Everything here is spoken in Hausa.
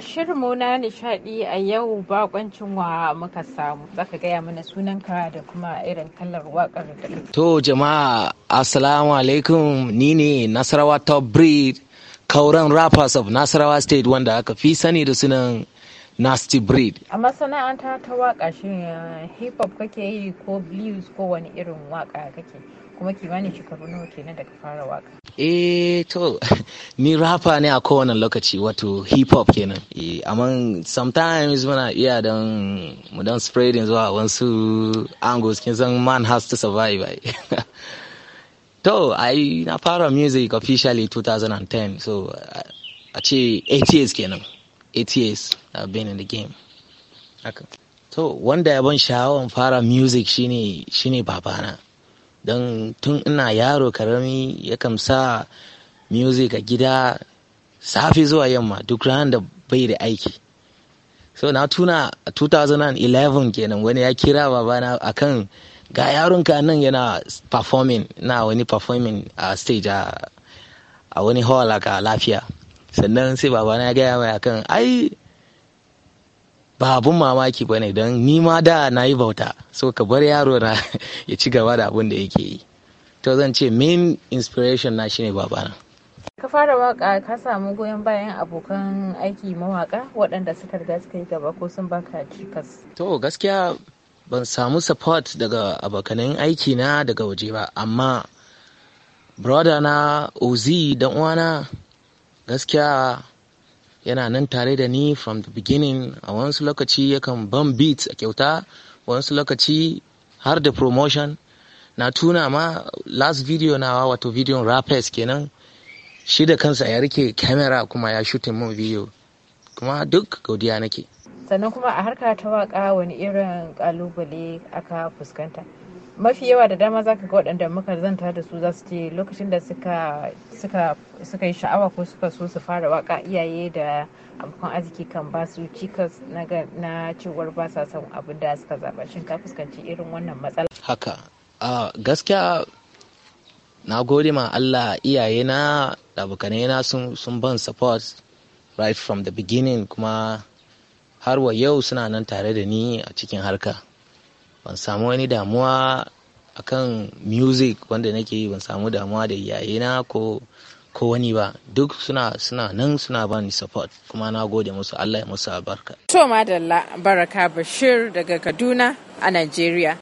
shirin mu na nishadi a yau bakoncin wa muka samu zaka gaya mana sunanka da kuma irin kallar wakar da To jama'a assalamu alaikum ni ne Nasarawa Top Breed kauran rappers of Nasarawa State wanda aka fi sani da sunan Nasty Breed. A masana'anta ta waka shi uh, hip hop kake yi ko blues ko wani irin waka kake? Kuma kimanin shekaru nawa kenan daga fara waka? Eh to ni rapper ne a kowane lokaci wato hip hop kenan. Eh amma sometimes muna iya don mu don spreading zuwa wasu angles kin san man has to survive. to ai na fara music officially 2010 so a ce 8 years kenan. eight years I've been in the game. Haka. So, wanda ya ban sha'awan fara music shine shine babana. Don tun ina yaro karami yakan sa music a gida safe zuwa yamma duk ranar da bai da aiki. So na tuna 2011 kenan wani ya kira babana akan ga ka nan yana performing na wani performing a stage a wani hall a lafiya. sannan sai babana ya gaya mai akan ai ba abun mamaki ba ne don ni ma da na yi bauta so ka bar yaro na ya ci gaba da abun da yake yi to zan ce main inspiration na shine babana ka fara waka ka samu goyon bayan abokan aiki mawaka waɗanda suka riga suka yi gaba ko sun baka cikas to gaskiya ban samu support daga abokanin aiki na daga waje ba amma brother na ozi dan uwana gaskiya yana nan tare da ni from the beginning a wasu lokaci yakan ban beats a kyauta wasu lokaci har da promotion na tuna ma last video nawa wato video rapes kenan shi da kansa ya rike kamera kuma ya shooting mun video kuma duk godiya nake sannan kuma a harka ta waka wani irin kalubale aka fuskanta mafi yawa da dama zaka ga waɗanda muka zanta da su za su ce lokacin da suka yi sha'awa ko suka so su fara waka iyaye da abokan arziki kan ba su cikas na cewar ba sa son abin da suka zaba shin ka fuskanci irin wannan matsala haka a gaskiya na gode ma Allah iyaye na abokanai na sun ban support right from the beginning kuma har wa yau suna nan tare da ni a cikin harka ban samu wani damuwa akan music wanda nake yi ban samu damuwa da yayena ko ko wani ba duk suna suna nan suna bani support kuma na gode musu Allah ya musu albarka. To madalla Baraka Bashir daga Kaduna a Najeriya.